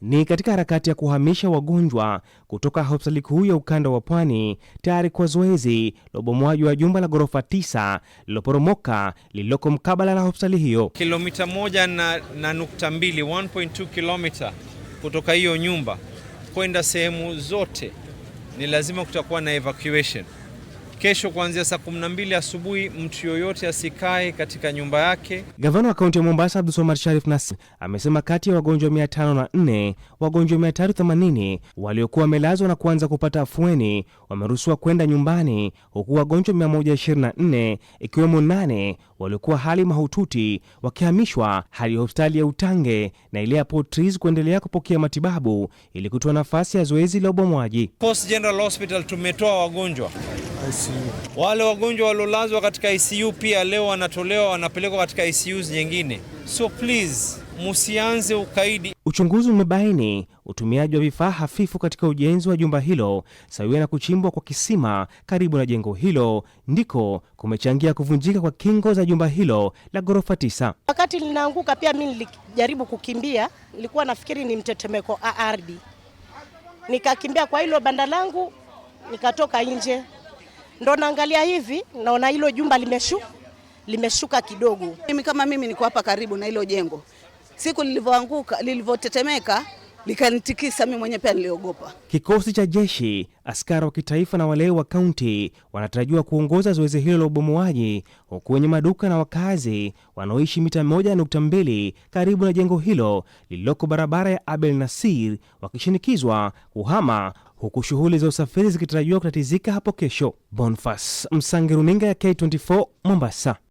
ni katika harakati ya kuhamisha wagonjwa kutoka hospitali kuu ya ukanda wa Pwani tayari kwa zoezi la ubomoaji wa jumba la ghorofa tisa lililoporomoka lililoko mkabala na hospitali hiyo, kilomita moja na, na nukta mbili 1.2 kilomita kutoka hiyo nyumba kwenda sehemu zote, ni lazima kutakuwa na evacuation. Kesho kuanzia saa 12 asubuhi mtu yoyote asikae katika nyumba yake. Gavana wa kaunti ya Mombasa Abdulswamad Sharif Nas amesema kati ya wagonjwa 504 wagonjwa 380 waliokuwa wamelazwa na kuanza kupata afueni wameruhusiwa kwenda nyumbani, huku wagonjwa 124 ikiwemo nane waliokuwa hali mahututi wakihamishwa hadi hospitali ya Utange na ile ya Port Reitz kuendelea kupokea matibabu ili kutoa nafasi ya zoezi la ubomwaji. Coast General Hospital tumetoa wagonjwa ICU. Wale wagonjwa waliolazwa katika ICU pia leo wanatolewa wanapelekwa katika ICU nyingine, so please musianze ukaidi. Uchunguzi umebaini utumiaji wa vifaa hafifu katika ujenzi wa jumba hilo sawia na kuchimbwa kwa kisima karibu na jengo hilo ndiko kumechangia kuvunjika kwa kingo za jumba hilo la ghorofa tisa. Wakati linaanguka pia mi nilijaribu kukimbia, nilikuwa nafikiri ni mtetemeko a ardhi, nikakimbia kwa hilo banda langu nikatoka nje ndo naangalia hivi, naona hilo jumba limeshuka, limeshuka kidogo. Mimi kama mimi niko hapa karibu na hilo jengo, siku lilivyoanguka, lilivyotetemeka likanitikisa mimi mwenyewe pia niliogopa. Kikosi cha jeshi, askari wa kitaifa na wale wa kaunti wanatarajiwa kuongoza zoezi hilo la ubomoaji, huku wenye maduka na wakazi wanaoishi mita moja nukta mbili karibu na jengo hilo lililoko barabara ya Abel Nasir wakishinikizwa kuhama, huku shughuli za usafiri zikitarajiwa kutatizika hapo kesho. Bonfas Msangi, runinga ya K24, Mombasa.